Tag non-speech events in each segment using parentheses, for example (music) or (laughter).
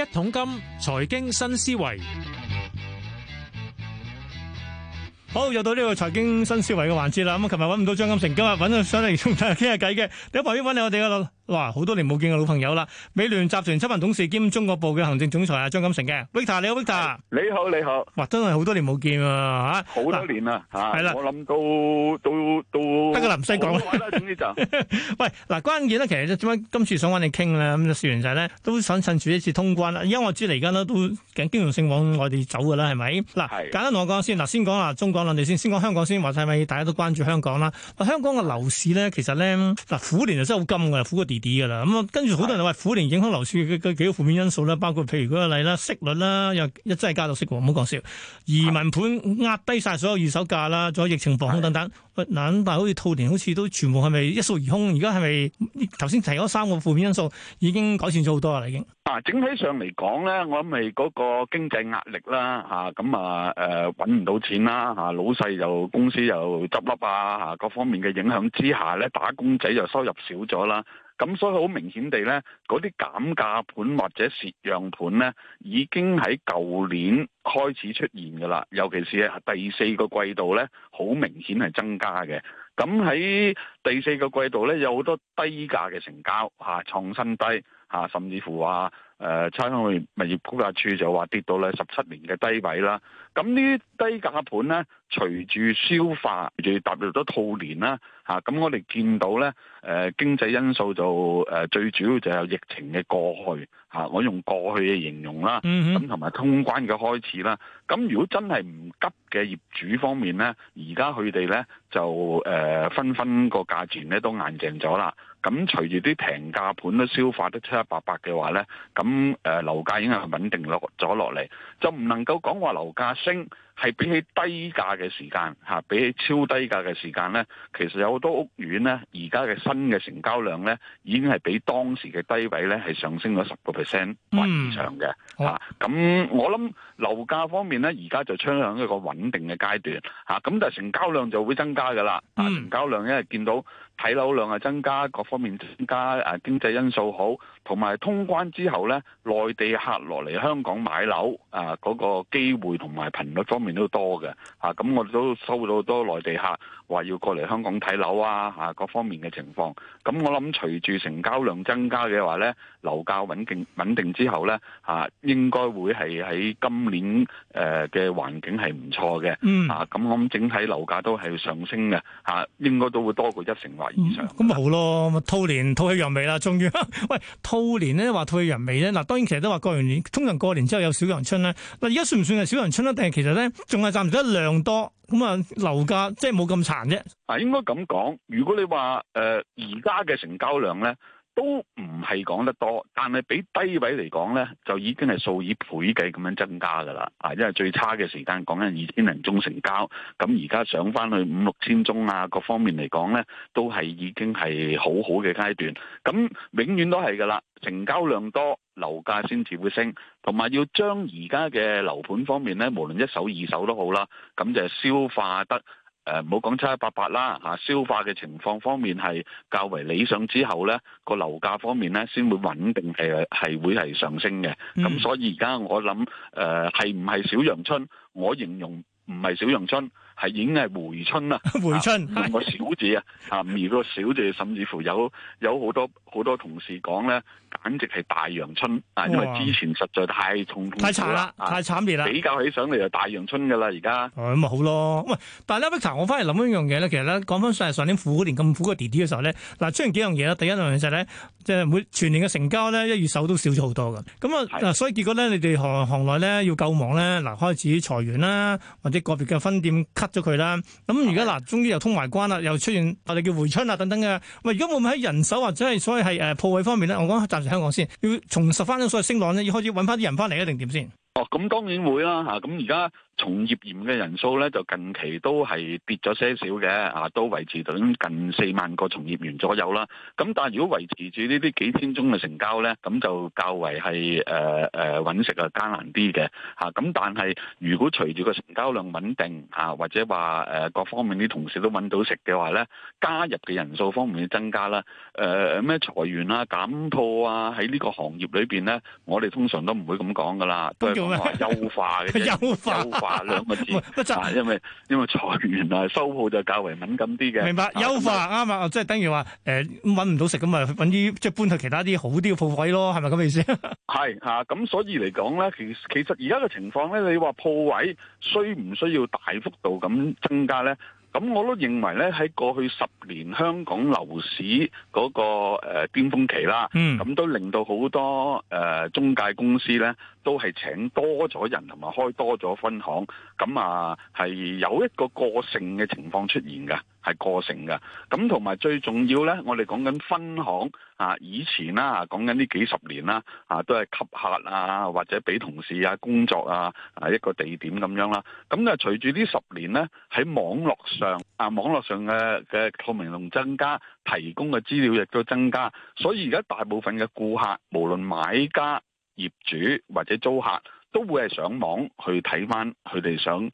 一桶金財經新思維，好，又到呢個財經新思維嘅環節啦。咁啊，琴日揾唔到張錦成，今日揾到上嚟同大家傾下偈嘅，喺旁邊揾你我哋度。哇，好多年冇見嘅老朋友啦！美聯集團執行董事兼中國部嘅行政總裁啊，張錦成嘅，Victor 你好，Victor 你好，你好！哇，真係好多年冇見啊嚇！好多年啦嚇，係、啊、啦，我諗都都都得個唔使講啦，喂嗱、 (laughs) 啊、關鍵咧，其實點解今次想揾你傾咧？咁就説完就咧都想趁住一次通關啦，因為我知嚟緊咧都經經常性往外地走㗎啦，係咪？嗱、啊，簡單同我講先嗱，先講啊中港兩地先，先講香港先，話晒咪大家都關注香港啦、啊。香港嘅樓市咧，其實咧嗱，虎、啊、年就真係好金㗎，虎個噶啦，咁啊，跟住好多人都話虎年影響樓市嘅幾個負面因素啦，包括譬如嗰個例啦，息率啦，又一真係加到息喎，唔好講笑。移民盤壓低晒所有二手價啦，仲有疫情防控等等。嗱，但係好似兔年好似都全部係咪一掃而空？而家係咪頭先提咗三個負面因素已經改善咗好多啦？已經啊，整體上嚟講咧，我諗咪嗰個經濟壓力啦，吓咁啊誒搵唔到錢啦，吓、啊、老細又公司又執笠啊，吓、啊、各方面嘅影響之下咧，打工仔又收入少咗啦。咁所以好明顯地呢，嗰啲減價盤或者蝕讓盤呢已經喺舊年開始出現㗎啦，尤其是第四個季度呢，好明顯係增加嘅。咁喺第四個季度呢，有好多低價嘅成交嚇，創新低嚇，甚至乎話、啊。誒差餉嘅物業估價署就話跌到咧十七年嘅低位啦，咁呢啲低價盤咧隨住消化，就踏入咗兔年啦嚇。咁、啊嗯、我哋見到咧誒、呃、經濟因素就誒、呃、最主要就有疫情嘅過去、啊、我用過去嘅形容啦，咁同埋通關嘅開始啦。咁、啊、如果真係唔急嘅業主方面咧，而家佢哋咧就誒紛紛個價錢咧都硬淨咗啦。咁、啊、隨住啲平價盤都消化得七七八八嘅話咧，咁、啊咁誒樓價已經係穩定落咗落嚟，就唔能夠講話樓價升。係比起低價嘅時間、啊、比起超低價嘅時間咧，其實有好多屋苑咧，而家嘅新嘅成交量咧，已經係比當時嘅低位咧係上升咗十個 percent 或以上嘅。咁我諗樓價方面咧，而家就趨向一個穩定嘅階段咁、啊、但係成交量就會增加㗎啦、啊。成交量因為見到睇樓量係增加，各方面增加誒、啊、經濟因素好，同埋通關之後咧，內地客落嚟香港買樓啊嗰、嗰個機會同埋頻率方面。都多嘅，啊咁我哋都收到好多內地客話要過嚟香港睇樓啊，嚇、啊、各方面嘅情況。咁、啊、我諗隨住成交量增加嘅話咧，樓價穩定穩定之後咧，嚇、啊、應該會係喺今年誒嘅環境係唔錯嘅，嗯、啊，咁我諗整體樓價都係上升嘅，嚇、啊、應該都會多過一成或以上。咁、嗯嗯、好咯，兔年吐氣揚眉啦，終於。 (laughs) 喂，兔年咧話吐氣揚眉咧，嗱當然其實都話過完年，通常過年之後有小陽春咧，嗱而家算唔算係小陽春咧？定係其實咧？仲係賺唔得量多，咁啊樓價即係冇咁殘啫，啊應該咁講。如果你話誒而家嘅成交量咧，都唔係講得多，但係比低位嚟講咧，就已經係數以倍計咁樣增加噶啦。啊，因為最差嘅時間講緊二千零宗成交，咁而家上翻去五六千宗啊，各方面嚟講咧，都係已經係好好嘅階段。咁永遠都係噶啦，成交量多。樓價先至會升，同埋要將而家嘅樓盤方面咧，無論一手二手都好啦，咁就消化得誒，唔好講七七八八啦嚇，消化嘅情況方面係較為理想之後咧，個樓價方面咧先會穩定誒，係會係上升嘅。咁所以而家我諗誒，係唔係小陽春？我形容唔係小陽春，係已經係回春啦， (laughs) 回春、啊、個小姐 (laughs) 啊，啊如個小姐甚至乎有有好多好 (laughs) 多同事講咧，簡直係大陽春啊！因為之前實在太痛苦太、啊，太慘啦，太慘烈啦，比較起上嚟就大陽春㗎啦！而家咁咪好咯，但係咧 b e 我翻嚟諗一樣嘢咧，其實咧講翻上上年苦年咁苦個 D D 嘅時候咧，嗱出現幾樣嘢啦，第一樣嘢就咧、是，即係每全年嘅成交咧一月首都少咗好多㗎，咁啊嗱，所以結果咧你哋行行內，咧要夠忙咧，嗱開始裁員啦，或者個別嘅分店 cut。咗佢啦，咁而家嗱，終於又通埋關啦，又出現我哋叫回春啦等等嘅。喂，如果我唔喺人手或者係所謂係誒鋪位方面咧，我講暫時香港先，要重拾翻呢所謂升浪咧，要開始揾翻啲人翻嚟一定點先？哦，咁當然會啦嚇。咁而家從業員嘅人數咧，就近期都係跌咗些少嘅，啊都維持到近四萬個從業員左右啦。咁但係如果維持住呢啲幾千宗嘅成交咧，咁就較為係誒誒搵食啊艱難啲嘅嚇。咁但係如果隨住個成交量穩定啊，或者話誒各方面啲同事都搵到食嘅話咧，加入嘅人數方面嘅增加啦，誒咩裁員啦、啊、減鋪啊，喺呢個行業裏面咧，我哋通常都唔會咁講噶啦。話 (laughs) 優化嘅，優化兩個字， (laughs) 因為 (laughs) 因為裁員啊， (laughs) 收鋪就較為敏感啲嘅。明白，優化啱啊，即係等於話誒，搵唔、呃、到食咁咪搵啲，即係搬去其他啲好啲嘅鋪位咯，係咪咁嘅意思？係吓，咁、啊、所以嚟講咧，其實其實而家嘅情況咧，你話鋪位需唔需要大幅度咁增加咧？咁我都認為咧，喺過去十年香港樓市嗰、那個誒巔、呃、峰期啦，咁、嗯、都令到好多誒、呃、中介公司咧。都係請多咗人，同埋開多咗分行，咁啊係有一個過剩嘅情況出現嘅，係過剩嘅。咁同埋最重要呢，我哋講緊分行啊，以前啦、啊，講緊呢幾十年啦、啊，啊都係吸客啊，或者俾同事啊工作啊啊一個地點咁樣啦。咁啊，就隨住呢十年呢，喺網絡上啊，網絡上嘅嘅透明度增加，提供嘅資料亦都增加，所以而家大部分嘅顧客，無論買家、業主或者租客。都會係上網去睇翻佢哋想誒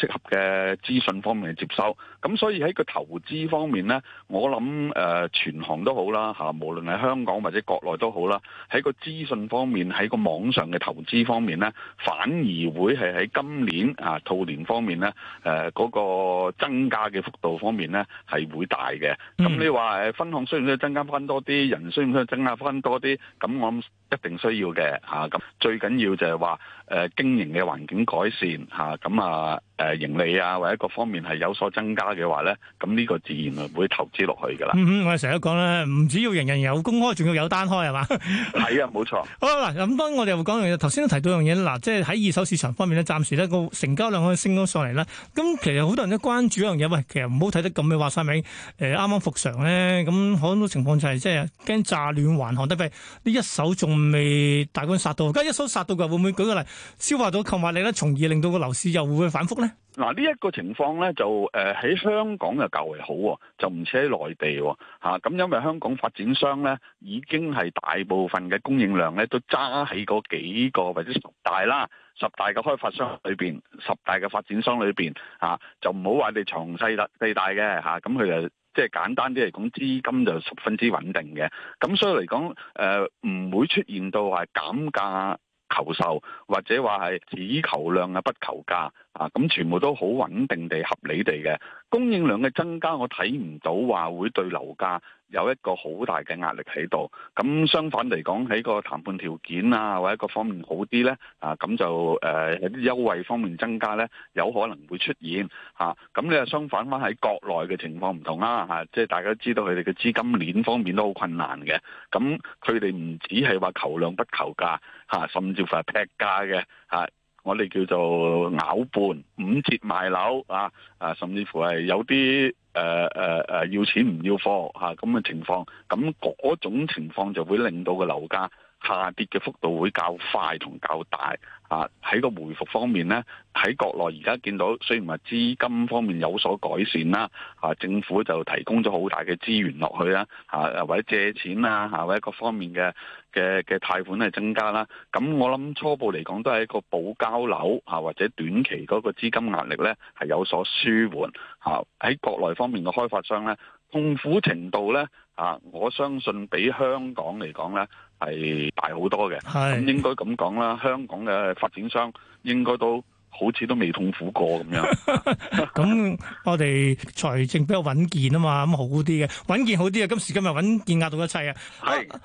適合嘅資訊方面嘅接收，咁所以喺個投資方面咧，我諗誒全行都好啦嚇，無論係香港或者國內都好啦，喺個資訊方面，喺個網上嘅投資方面咧，反而會係喺今年啊兔年方面咧誒嗰個增加嘅幅度方面咧係會大嘅。咁、嗯、你話分行需唔需要增加翻多啲人需唔需要增加翻多啲？咁我諗一定需要嘅嚇。咁、啊、最緊要就係話。誒經營嘅環境改善吓，咁啊！誒，盈利啊，或者各方面係有所增加嘅話咧，咁呢個自然啊會投資落去噶啦，嗯嗯。我哋成日都講咧，唔只要人人有工開，仲要有單開係嘛？係啊，冇錯。 (laughs) 好啦，嗱咁多，我哋又講嘢，頭先都提到樣嘢啦，嗱，即係喺二手市場方面暫呢，暫時呢個成交量可以升咗上嚟啦。咁其實好多人都關注一樣嘢，喂，其實唔、呃、好睇得咁嘅話晒尾。誒，啱啱復常咧，咁好多情況就係即係驚炸亂還寒得費。啲一手仲未大軍殺到，而家一手殺到嘅會唔會舉個例消化到購物力咧，從而令到個樓市又會反覆嗱呢一個情況咧，就誒喺、呃、香港就較為好、哦，就唔似喺內地喎、哦、咁、啊嗯、因為香港發展商咧，已經係大部分嘅供應量咧都揸喺嗰幾個或者十大啦、十大嘅開發商裏面，十大嘅發展商裏面，啊、就唔好話你藏細粒地大嘅咁佢就即係簡單啲嚟講，資金就十分之穩定嘅。咁所以嚟講，誒、呃、唔會出現到話減價求售，或者話係只求量啊不求價。啊，咁全部都好穩定地、合理地嘅供應量嘅增加，我睇唔到話會對樓價有一個好大嘅壓力喺度。咁相反嚟講，喺個談判條件啊，或者各方面好啲呢，啊咁就誒有啲優惠方面增加呢，有可能會出現吓。咁你又相反翻喺國內嘅情況唔同啦吓，即係大家都知道佢哋嘅資金鏈方面都好困難嘅。咁佢哋唔止係話求量不求價吓，甚至乎係劈價嘅吓。我哋叫做咬半五折賣樓啊！啊，甚至乎係有啲誒誒誒要錢唔要貨嚇咁嘅情況，咁嗰種情況就會令到個樓價。下跌嘅幅度會較快同較大啊！喺個回復方面呢，喺國內而家見到，雖然話資金方面有所改善啦，啊，政府就提供咗好大嘅資源落去啦，啊，或者借錢啊，啊，或者各方面嘅嘅嘅貸款係增加啦。咁我諗初步嚟講都係一個保交樓啊，或者短期嗰個資金壓力呢係有所舒緩嚇。喺國內方面嘅開發商呢，痛苦程度呢，啊，我相信比香港嚟講呢，係大好多嘅，咁應該咁講啦。香港嘅發展商應該都。好似都未痛苦過咁樣，咁 (laughs) 我哋財政比較穩健啊嘛，咁好啲嘅，穩健好啲啊！今時今日穩健壓到一切啊！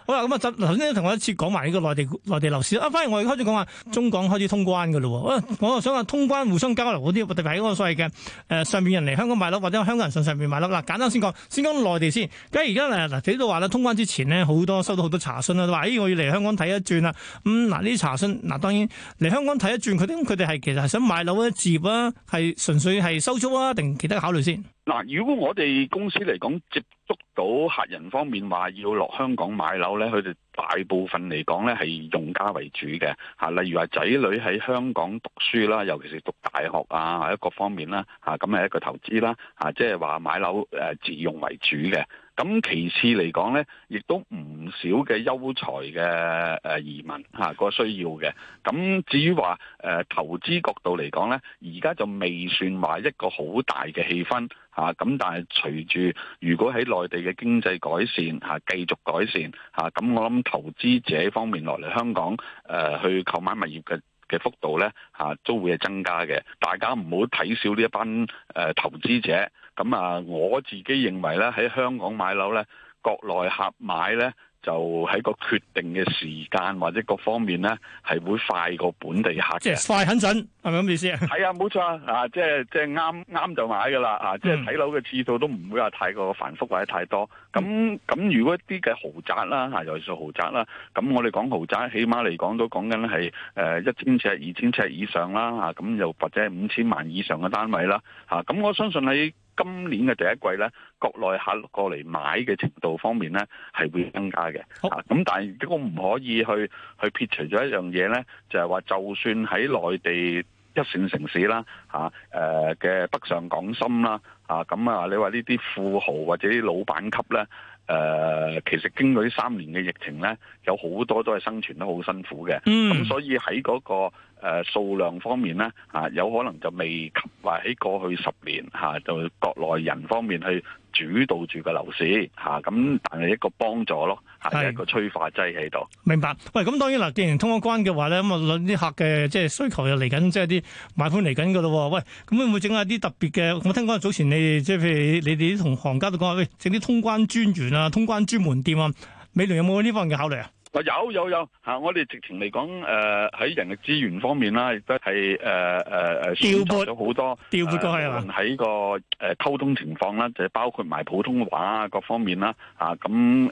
好啦，咁啊，頭先同我一次講埋呢個內地內地樓市啊，反而我哋開始講話中港開始通關嘅嘞喎！我又想話通關互相交流好啲，特別係嗰個所謂嘅誒、呃、上面人嚟香港買樓或者香港人上上面買樓嗱，簡單先講，先講內地先。咁而家嗱嗱睇到話啦，通關之前咧，好多收到好多查詢啦，話咦、哎、我要嚟香港睇一轉、嗯、啊！咁嗱呢啲查詢嗱、啊、當然嚟香港睇一轉佢哋，佢哋係其實想。買樓啦、置業啦，係純粹係收租啊，定其他考慮先。嗱，如果我哋公司嚟講，接觸到客人方面話要落香港買樓咧，佢哋大部分嚟講咧係用家為主嘅，吓，例如話仔女喺香港讀書啦，尤其是讀大學啊，一個方面啦，吓咁係一個投資啦，吓，即係話買樓誒自用為主嘅。咁其次嚟講呢，亦都唔少嘅優才嘅移民嗰、啊嗰個需要嘅。咁至於話、呃、投資角度嚟講呢，而家就未算話一個好大嘅氣氛咁、啊、但係隨住如果喺內地嘅經濟改善嚇，繼、啊、續改善咁、啊、我諗投資者方面落嚟香港、呃、去購買物業嘅。嘅幅度咧，吓都會係增加嘅。大家唔好睇小呢一班誒投資者。咁啊，我自己認為咧，喺香港買樓咧，國內客買咧。就喺個決定嘅時間或者各方面咧，係會快過本地客嘅，即、就、係、是、快狠準，係咪咁意思啊？係、就是就是、啊，冇錯啊！即係即係啱啱就買噶啦啊！即係睇樓嘅次數都唔會話太過繁複或者太多。咁咁如果一啲嘅豪宅啦吓、啊，尤其是豪宅啦，咁我哋講豪宅起碼講，起碼嚟講都講緊係誒一千尺、二千尺以上啦吓，咁、啊、又或者五千萬以上嘅單位啦吓，咁、啊、我相信你。今年嘅第一季呢，國內客落過嚟買嘅程度方面呢，係會增加嘅。咁、啊、但係如果唔可以去去撇除咗一樣嘢呢，就係話，就算喺內地一線城市啦，嚇、啊，誒、呃、嘅北上廣深啦，嚇、啊，咁啊，你話呢啲富豪或者啲老闆級呢，誒、啊，其實經過呢三年嘅疫情呢，有好多都係生存得好辛苦嘅。咁、嗯啊、所以喺嗰、那個。誒數量方面咧嚇，有可能就未及話喺過去十年嚇，就國內人方面去主導住個樓市嚇，咁但係一個幫助咯，係、就是、一個催化劑喺度。明白？喂，咁當然喇，既然通咗關嘅話咧，咁啊，啲客嘅即係需求又嚟緊，即係啲買款嚟緊嘅咯。喂，咁會唔會整下啲特別嘅？我聽講早前你即係譬如你哋啲同行家都講話，喂，整啲通關專員啊，通關專門店啊，美聯有冇呢方面嘅考慮啊？有有有，我哋直情嚟講，誒、呃、喺人力資源方面啦，亦都係誒誒誒咗好多，調撥過去啦。喺個誒溝通情況啦，就、包括埋普通話啊各方面啦。咁誒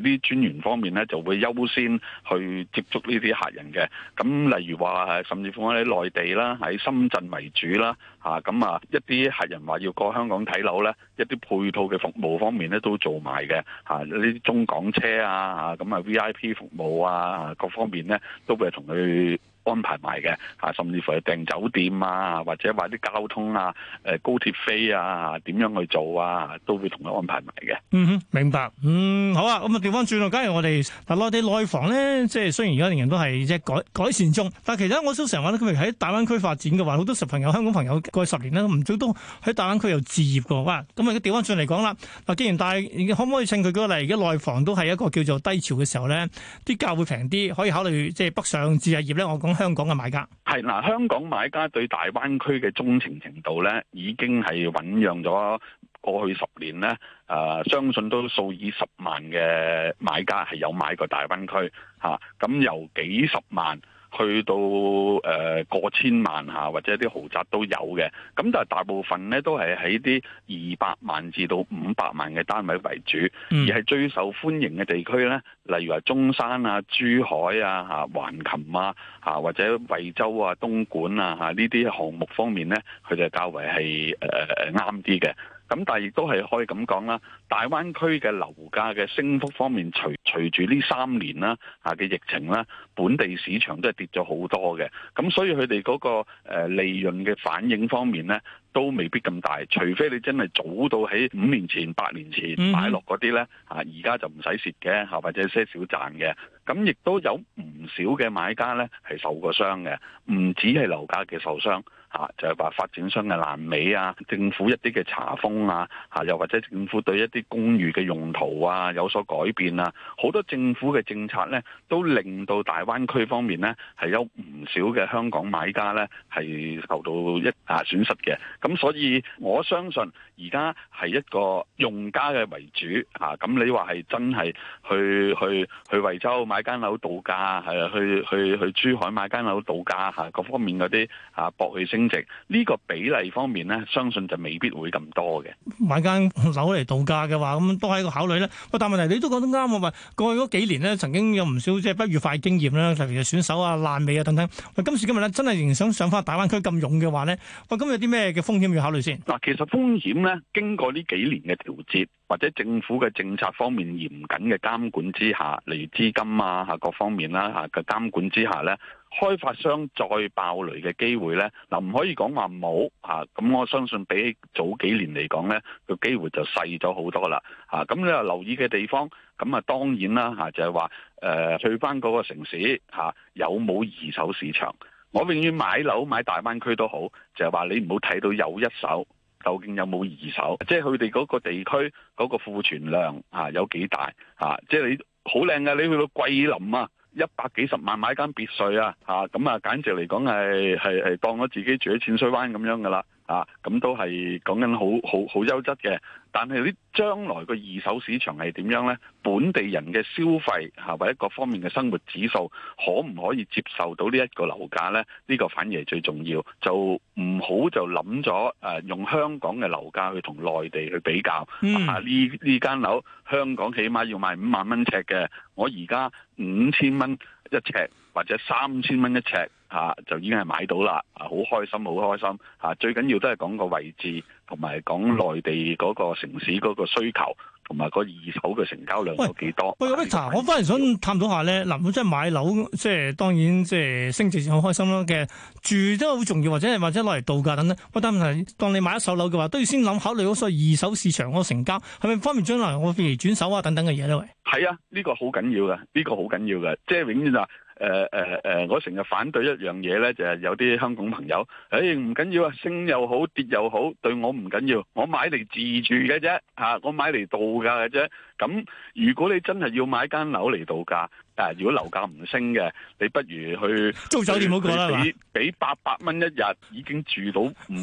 啲專員方面咧，就會優先去接觸呢啲客人嘅。咁例如話，甚至乎喺內地啦，喺深圳為主啦。咁啊，啊，一啲客人話要過香港睇樓咧，一啲配套嘅服務方面咧都做埋嘅。呢、啊、啲中港車啊咁啊 V I P 啲服務啊，各方面咧都會同佢安排埋嘅，吓，甚至乎去訂酒店啊，或者話啲交通啊，誒高鐵飛啊，點樣去做啊，都會同佢安排埋嘅。嗯哼，明白。嗯，好啊，咁啊調翻轉咯。假如我哋嗱內地內房咧，即係雖然而家啲人都係即係改改善中，但係其實我成日話佢哋喺大灣區發展嘅話，好多十朋友香港朋友過去十年咧，唔少都喺大灣區又置業嘅話，咁啊調翻轉嚟講啦。嗱，既然大可唔可以趁佢嗰個嚟？而家內房都係一個叫做低潮嘅時候咧，啲價會平啲，可以考慮即係北上置下業咧。我講香港嘅買家係，嗱，香港買家對大灣區嘅鍾情程度咧，已經係醞釀咗過去十年咧。誒、呃，相信都數以十萬嘅買家係有買過大灣區吓，咁、啊、由幾十萬。去到誒、呃、過千萬或者啲豪宅都有嘅。咁但係大部分咧都係喺啲二百萬至到五百萬嘅單位為主，嗯、而係最受歡迎嘅地區咧，例如中山啊、珠海啊、嚇橫琴啊、或者惠州啊、東莞啊、呢啲項目方面咧，佢就較為係誒啱啲嘅。咁、呃、但係亦都係可以咁講啦，大灣區嘅樓價嘅升幅方面，除隨住呢三年啦嚇嘅疫情啦，本地市場都係跌咗好多嘅，咁所以佢哋嗰個誒利潤嘅反應方面咧，都未必咁大，除非你真係早到喺五年前、八年前買落嗰啲咧嚇，而家就唔使蝕嘅嚇，或者些少賺嘅。咁亦都有唔少嘅買家咧係受過傷嘅，唔止係樓價嘅受傷。啊，就係、是、話發展商嘅爛尾啊，政府一啲嘅查封啊，啊，又或者政府對一啲公寓嘅用途啊有所改變啊，好多政府嘅政策咧都令到大灣區方面咧係有唔少嘅香港買家咧係受到一啊損失嘅。咁所以我相信而家係一個用家嘅為主啊。咁你話係真係去去去惠州買間樓度假，係、啊、去去去珠海買間樓度假嚇、啊，各方面嗰啲啊博起升。呢、這個比例方面咧，相信就未必會咁多嘅。買間樓嚟度假嘅話，咁都係一個考慮咧。喂，但係問題你都講得啱啊！喂，過去嗰幾年咧，曾經有唔少即係不愉快經驗啦，例如選手啊、爛尾啊等等。喂，今時今日咧，真係仍想上翻大灣區咁勇嘅話咧，喂，今日有啲咩嘅風險要考慮先？嗱，其實風險咧，經過呢幾年嘅調節或者政府嘅政策方面嚴謹嘅監管之下，例如資金啊吓各方面啦吓嘅監管之下咧。開發商再爆雷嘅機會呢，嗱唔可以講話冇啊，咁我相信比起早幾年嚟講呢，個機會就細咗好多啦。咁、啊、你話留意嘅地方，咁啊當然啦、啊，就係話誒，去翻嗰個城市、啊、有冇二手市場。我永遠買樓買大灣區都好，就係、是、話你唔好睇到有一手，究竟有冇二手？即係佢哋嗰個地區嗰、那個庫存量、啊、有幾大即係、啊就是、你好靚嘅，你去到桂林啊！一百幾十萬買間別墅啊！嚇、啊，咁、嗯、啊，簡直嚟講係係係當咗自己住喺淺水灣咁樣噶啦。啊，咁都係講緊好好好優質嘅，但係啲將來個二手市場係點樣呢？本地人嘅消費、啊、或者各方面嘅生活指數，可唔可以接受到呢一個樓價呢？呢、呢個反而係最重要，就唔好就諗咗誒用香港嘅樓價去同內地去比較，嗯、啊呢呢間樓香港起碼要賣五萬蚊尺嘅，我而家五千蚊一尺或者三千蚊一尺。吓、啊、就已經係買到啦，啊好開心，好開心！吓、啊、最緊要都係講個位置，同埋講內地嗰個城市嗰個需求，同埋個二手嘅成交量有幾多？喂，Victor，我反而想探討下咧，嗱、嗯，我啊、我真係買樓，即係當然，即係升值先好開心啦。嘅住真係好重要，或者係或者攞嚟度假等等。喂，但係當你買一手樓嘅話，都要先諗考慮嗰晒二手市場嗰個成交，係咪方便將來我譬如轉手啊等等嘅嘢咧？喂，係啊，呢、這個好緊要嘅呢、這個好緊要嘅即係永遠就、啊。誒誒誒，我成日反對一樣嘢咧，就係、是、有啲香港朋友，誒唔緊要啊，升又好跌又好，對我唔緊要，我買嚟自住嘅啫嚇，我買嚟度假嘅啫。咁、啊、如果你真係要買間樓嚟度假，誒、啊、如果樓價唔升嘅，你不如去租酒店好過啦。俾八百蚊一日已經住到五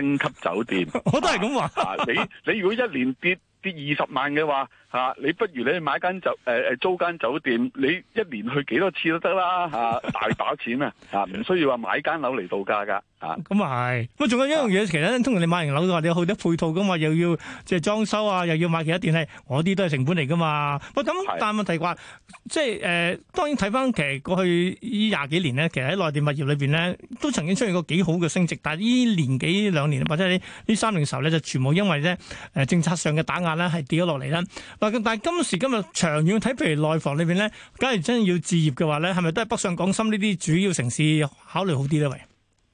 星級酒店， (laughs) 我都係咁話。你你如果一年跌，啲二十萬嘅話嚇，你不如你去買間酒誒誒租間酒店，你一年去幾多次都得啦嚇 (laughs) 大把錢啊嚇，唔需要話買間樓嚟度假噶。咁啊係，咁，啊，仲有一樣嘢，啊，其實通常你買完樓嘅話，你有好多配套噶嘛，又要即係裝修啊，又要買其他電器，嗰啲都係成本嚟噶嘛。喂，咁但係問題話，即係誒、呃，當然睇翻其實過去呢廿幾年咧，其實喺內地物業裏邊咧，都曾經出現過幾好嘅升值。但係呢年幾兩年或者呢呢三年嘅時候咧，就全部因為咧誒政策上嘅打壓咧，係跌咗落嚟啦。但係今時今日長遠睇，譬如內房裏邊咧，假如真係要置業嘅話咧，係咪都係北上廣深呢啲主要城市考慮好啲咧？喂？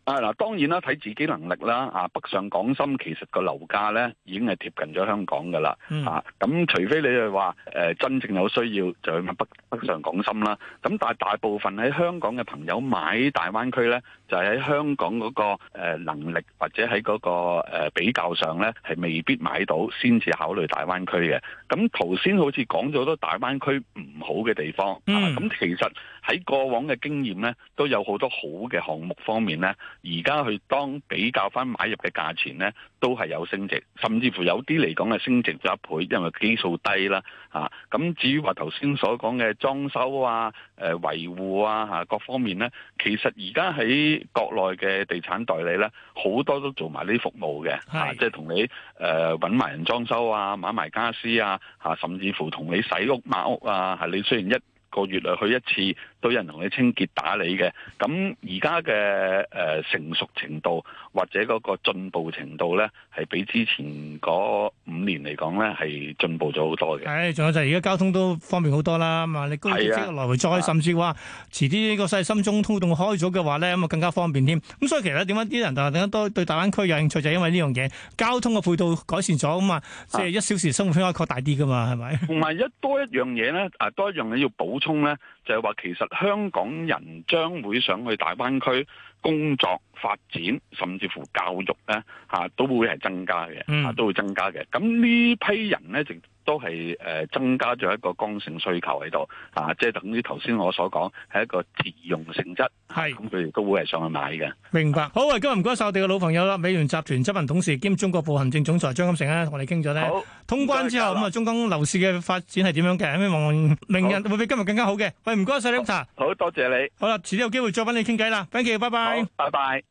啊嗱，當然啦，睇自己能力啦。啊，北上港深其實個樓價咧已經係貼近咗香港噶啦。啊、嗯，咁除非你就話真正有需要，就去北北上港深啦。咁但係大部分喺香港嘅朋友買大灣區咧，就係喺香港嗰個能力或者喺嗰個比較上咧，係未必買到先至考慮大灣區嘅。咁頭先好似講咗好多大灣區唔好嘅地方，咁、嗯、其實喺過往嘅經驗咧，都有好多好嘅項目方面咧，而家去當比較翻買入嘅價錢咧，都係有升值，甚至乎有啲嚟講係升值咗一倍，因為基數低啦，咁、啊、至於話頭先所講嘅裝修啊、誒、呃、維護啊，啊各方面咧，其實而家喺國內嘅地產代理咧，好多都做埋呢啲服務嘅、啊，即係同你誒揾埋人裝修啊、買埋家私啊，啊，甚至乎同你洗屋、買屋啊，你雖然一個月嚟去一次。都有人同你清潔打理嘅，咁而家嘅誒成熟程度或者嗰個進步程度咧，係比之前嗰五年嚟講咧係進步咗好多嘅。係、哎，仲有就係而家交通都方便好多啦嘛，你高鐵來回再，甚至話遲啲個西心中通道開咗嘅話咧，咁啊更加方便添。咁所以其實點解啲人等等都對大灣區有興趣，就係、是、因為呢樣嘢交通嘅配套改善咗啊嘛，即係一小時生活圈擴大啲噶嘛，係咪？同埋一多一樣嘢咧，多一樣嘢、啊、要補充咧。就係話，其實香港人將會想去大灣區工作、發展，甚至乎教育咧，嚇都會係增加嘅，都會增加嘅。咁呢批人咧，就都係誒增加咗一個剛性需求喺度啊！即係等於頭先我所講係一個自用性質，係咁佢哋都會係上去買嘅。明白。好，今日唔該晒我哋嘅老朋友啦，美聯集團執行董事兼中國部行政總裁張金成啦，同我哋傾咗咧。好，通關之後咁啊，中港樓市嘅發展係點樣嘅？希望明日會比今日更加好嘅。喂，唔該曬你，督察。好多謝你。好啦，遲啲有機會再揾你傾偈啦，Benji，拜拜。拜拜。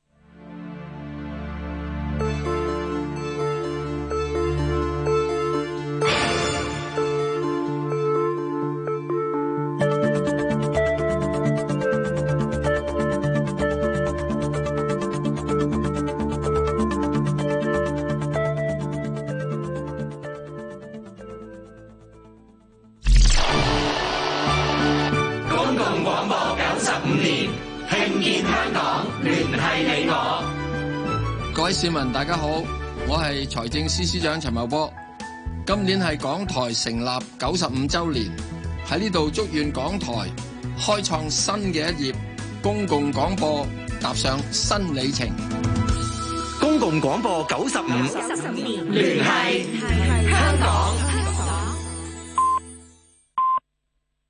各位市民大家好，我係財政司司長陳茂波。